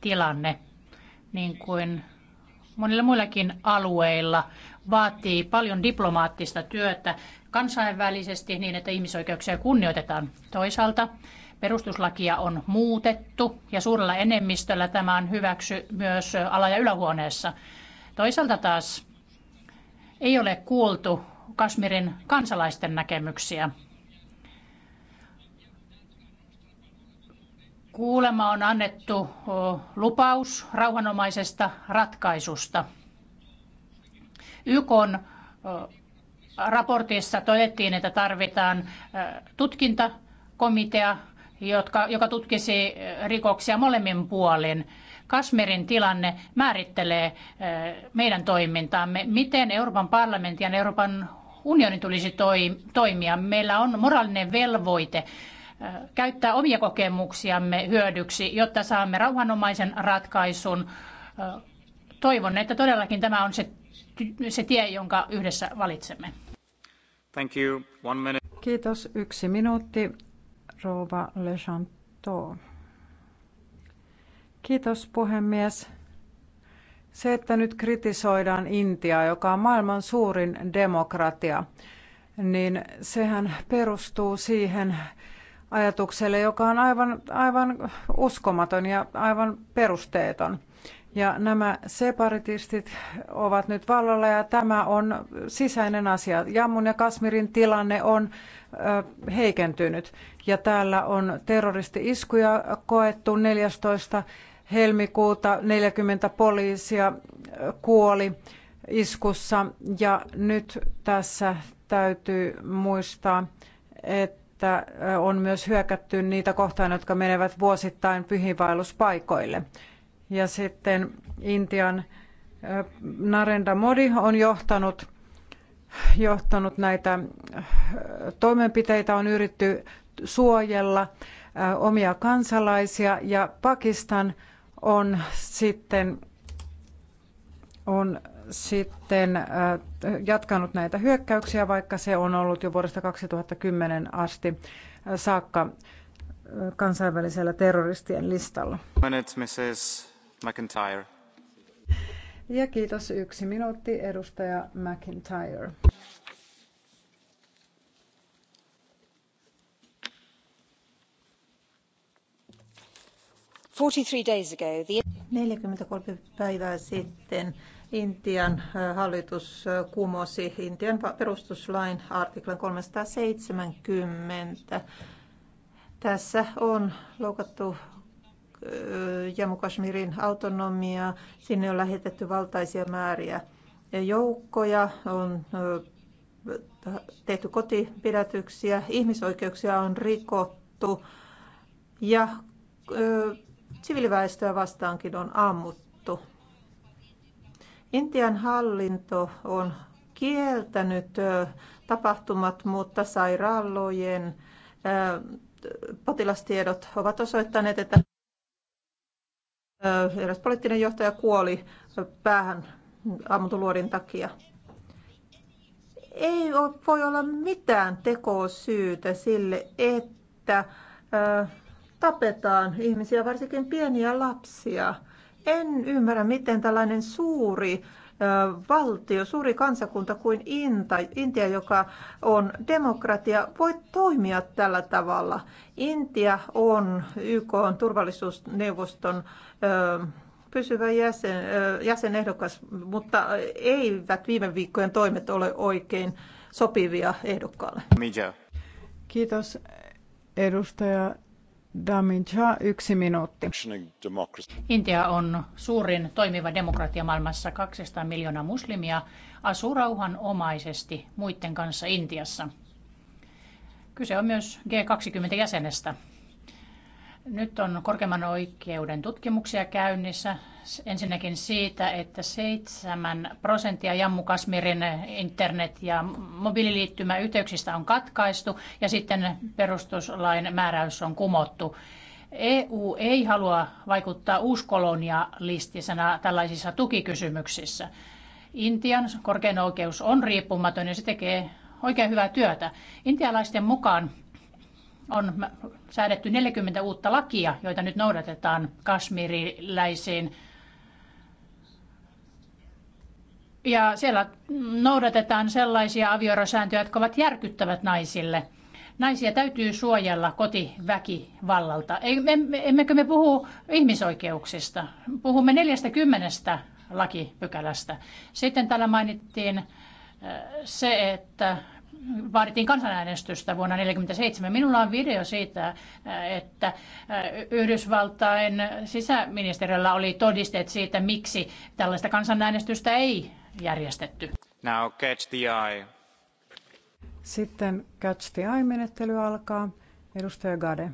tilanne, niin kuin monilla muillakin alueilla, vaatii paljon diplomaattista työtä kansainvälisesti niin, että ihmisoikeuksia kunnioitetaan. Toisaalta Perustuslakia on muutettu ja suurella enemmistöllä tämä on hyväksy myös ala- ja ylähuoneessa. Toisaalta taas ei ole kuultu Kasmirin kansalaisten näkemyksiä. Kuulema on annettu lupaus rauhanomaisesta ratkaisusta. YK on raportissa todettiin, että tarvitaan tutkintakomitea jotka, joka tutkisi eh, rikoksia molemmin puolin. Kasmerin tilanne määrittelee eh, meidän toimintaamme. Miten Euroopan parlamentin ja Euroopan unionin tulisi toi, toimia? Meillä on moraalinen velvoite eh, käyttää omia kokemuksiamme hyödyksi, jotta saamme rauhanomaisen ratkaisun. Toivon, että todellakin tämä on se, se tie, jonka yhdessä valitsemme. Thank you. One minute. Kiitos. Yksi minuutti rouva Le Chanteau. Kiitos puhemies. Se, että nyt kritisoidaan Intiaa, joka on maailman suurin demokratia, niin sehän perustuu siihen ajatukselle, joka on aivan, aivan uskomaton ja aivan perusteeton. Ja nämä separatistit ovat nyt vallalla ja tämä on sisäinen asia. Jammun ja Kasmirin tilanne on ö, heikentynyt ja täällä on terroristi-iskuja koettu 14. helmikuuta 40 poliisia kuoli iskussa ja nyt tässä täytyy muistaa, että on myös hyökätty niitä kohtaan, jotka menevät vuosittain pyhiinvaelluspaikoille. Ja sitten Intian Narendra Modi on johtanut, johtanut näitä toimenpiteitä, on yritetty suojella omia kansalaisia ja Pakistan on sitten, on sitten jatkanut näitä hyökkäyksiä, vaikka se on ollut jo vuodesta 2010 asti saakka kansainvälisellä terroristien listalla. McIntyre. Ja kiitos yksi minuutti edustaja McIntyre. 43 päivää sitten intian äh, hallitus äh, kumosi intian perustuslain artiklan kolmesataaseitsemänkymmentä tässä on loukattu ja Kashmirin autonomiaa. Sinne on lähetetty valtaisia määriä joukkoja, on tehty kotipidätyksiä, ihmisoikeuksia on rikottu ja siviiliväestöä vastaankin on ammuttu. Intian hallinto on kieltänyt tapahtumat, mutta sairaalojen potilastiedot ovat osoittaneet, että eräs poliittinen johtaja kuoli päähän ammutuluodin takia. Ei voi olla mitään tekosyytä sille, että tapetaan ihmisiä, varsinkin pieniä lapsia. En ymmärrä, miten tällainen suuri valtio, suuri kansakunta kuin Inta, Intia, joka on demokratia, voi toimia tällä tavalla. Intia on YK on turvallisuusneuvoston pysyvä jäsen, jäsenehdokas, mutta eivät viime viikkojen toimet ole oikein sopivia ehdokkaalle. Kiitos edustaja Damija, yksi minuutti. Intia on suurin toimiva demokratia maailmassa. 200 miljoonaa muslimia asuu rauhanomaisesti muiden kanssa Intiassa. Kyse on myös G20-jäsenestä. Nyt on korkeimman oikeuden tutkimuksia käynnissä ensinnäkin siitä, että 7 prosenttia Jammu Kasmirin internet- ja mobiililiittymäyhteyksistä on katkaistu ja sitten perustuslain määräys on kumottu. EU ei halua vaikuttaa uuskolonialistisena tällaisissa tukikysymyksissä. Intian korkein oikeus on riippumaton ja se tekee oikein hyvää työtä. Intialaisten mukaan on säädetty 40 uutta lakia, joita nyt noudatetaan kasmiriläisiin Ja siellä noudatetaan sellaisia avioerosääntöjä, jotka ovat järkyttävät naisille. Naisia täytyy suojella kotiväkivallalta. Emmekö me puhu ihmisoikeuksista? Puhumme 40 lakipykälästä. Sitten täällä mainittiin äh, se, että vaadittiin kansanäänestystä vuonna 1947. Minulla on video siitä, äh, että äh, Yhdysvaltain sisäministerillä oli todisteet siitä, miksi tällaista kansanäänestystä ei järjestetty. Now catch the eye. Sitten catch the eye-menettely alkaa. Edustaja Gade.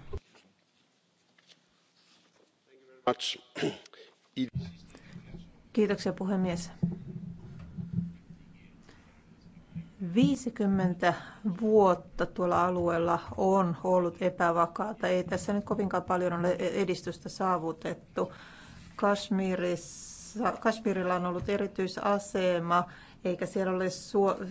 Kiitoksia puhemies. 50 vuotta tuolla alueella on ollut epävakaata. Ei tässä nyt kovinkaan paljon ole edistystä saavutettu. Kashmirissa Kashmirilla on ollut erityisasema, eikä siellä ole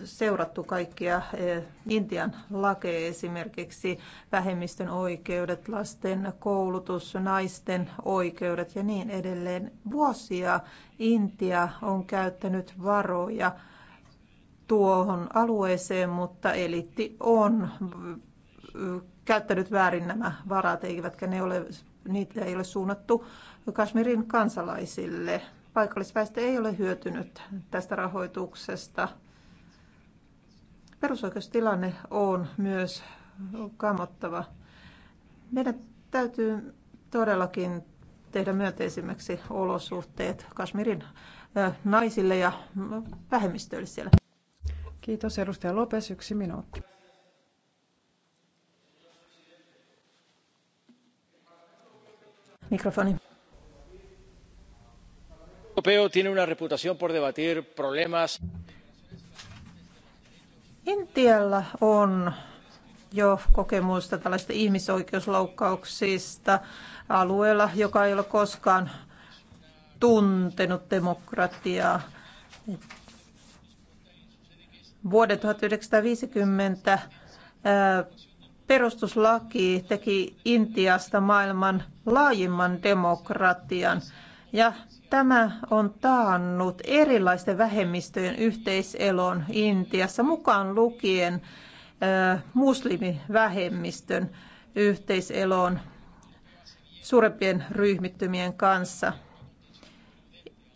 seurattu kaikkia e, Intian lakeja, esimerkiksi vähemmistön oikeudet, lasten koulutus, naisten oikeudet ja niin edelleen. Vuosia Intia on käyttänyt varoja tuohon alueeseen, mutta eliitti on käyttänyt väärin nämä varat, eivätkä ne ole, niitä ei ole suunnattu Kashmirin kansalaisille paikallisväestö ei ole hyötynyt tästä rahoituksesta. Perusoikeustilanne on myös kamottava. Meidän täytyy todellakin tehdä myönteisimmäksi olosuhteet Kasmirin naisille ja vähemmistöille siellä. Kiitos edustaja Lopes, yksi minuutti. Mikrofoni europeo tiene una reputación por debatir problemas. Intialla on jo kokemusta tällaista ihmisoikeusloukkauksista alueella, joka ei ole koskaan tuntenut demokratiaa. Vuoden 1950 perustuslaki teki Intiasta maailman laajimman demokratian. Ja tämä on taannut erilaisten vähemmistöjen yhteiselon Intiassa, mukaan lukien muslimivähemmistön yhteiseloon suurempien ryhmittymien kanssa.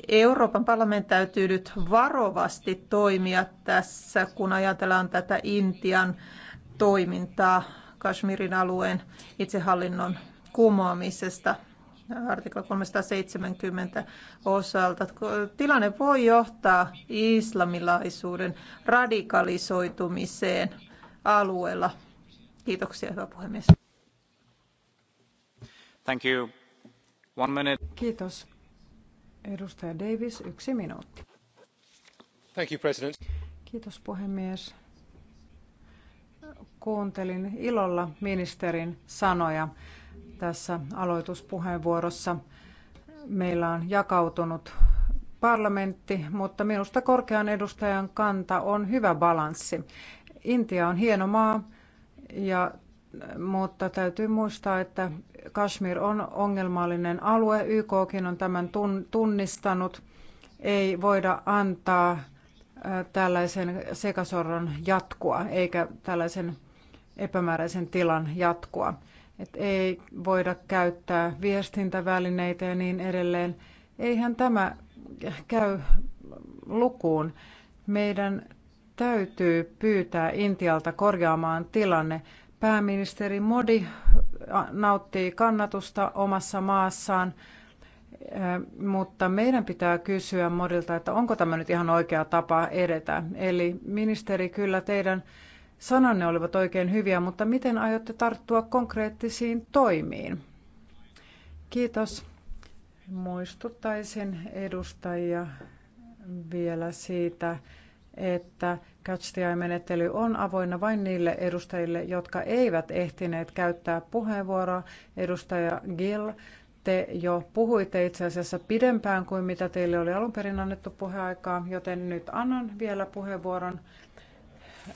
Euroopan parlamentti täytyy nyt varovasti toimia tässä, kun ajatellaan tätä Intian toimintaa Kashmirin alueen itsehallinnon kumoamisesta artikla 370 osalta. Tilanne voi johtaa islamilaisuuden radikalisoitumiseen alueella. Kiitoksia, hyvä puhemies. Thank you. One minute. Kiitos. Edustaja Davis, yksi minuutti. Thank you, President. Kiitos puhemies. Kuuntelin ilolla ministerin sanoja tässä aloituspuheenvuorossa. Meillä on jakautunut parlamentti, mutta minusta korkean edustajan kanta on hyvä balanssi. Intia on hieno maa, ja, mutta täytyy muistaa, että Kashmir on ongelmallinen alue. YKkin on tämän tunnistanut. Ei voida antaa tällaisen sekasorron jatkua eikä tällaisen epämääräisen tilan jatkua että ei voida käyttää viestintävälineitä ja niin edelleen. Eihän tämä käy lukuun. Meidän täytyy pyytää Intialta korjaamaan tilanne. Pääministeri Modi nauttii kannatusta omassa maassaan, mutta meidän pitää kysyä Modilta, että onko tämä nyt ihan oikea tapa edetä. Eli ministeri, kyllä teidän Sananne olivat oikein hyviä, mutta miten aiotte tarttua konkreettisiin toimiin? Kiitos. Muistuttaisin edustajia vielä siitä, että Catch the menettely on avoinna vain niille edustajille, jotka eivät ehtineet käyttää puheenvuoroa. Edustaja Gill, te jo puhuitte itse asiassa pidempään kuin mitä teille oli alun perin annettu puheaikaa, joten nyt annan vielä puheenvuoron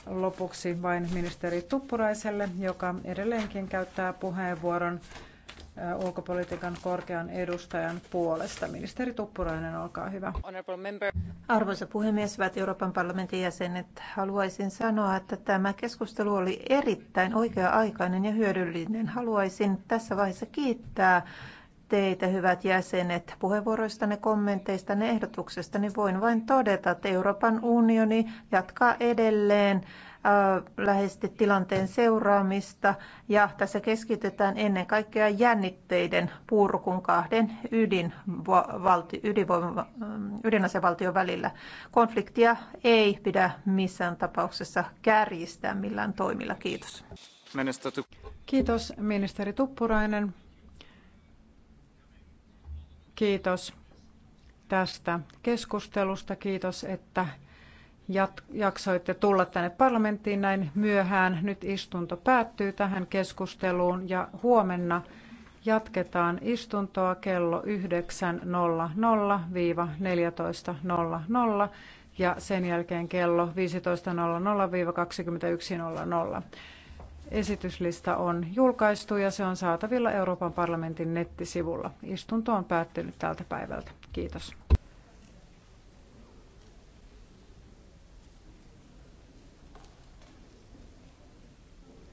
lopuksi vain ministeri Tuppuraiselle, joka edelleenkin käyttää puheenvuoron ulkopolitiikan korkean edustajan puolesta. Ministeri Tuppurainen, olkaa hyvä. Arvoisa puhemies, hyvät Euroopan parlamentin jäsenet, haluaisin sanoa, että tämä keskustelu oli erittäin oikea-aikainen ja hyödyllinen. Haluaisin tässä vaiheessa kiittää teitä, hyvät jäsenet, puheenvuoroistanne, kommenteistanne, ehdotuksesta, niin voin vain todeta, että Euroopan unioni jatkaa edelleen läheisesti tilanteen seuraamista ja tässä keskitytään ennen kaikkea jännitteiden purkun kahden ydinasevaltion välillä. Konfliktia ei pidä missään tapauksessa kärjistää millään toimilla. Kiitos. Kiitos ministeri Tuppurainen. Kiitos tästä keskustelusta. Kiitos, että jaksoitte tulla tänne parlamenttiin näin myöhään. Nyt istunto päättyy tähän keskusteluun ja huomenna jatketaan istuntoa kello 9.00-14.00 ja sen jälkeen kello 15.00-21.00. Esityslista on julkaistu ja se on saatavilla Euroopan parlamentin nettisivulla. Istunto on päättynyt tältä päivältä. Kiitos.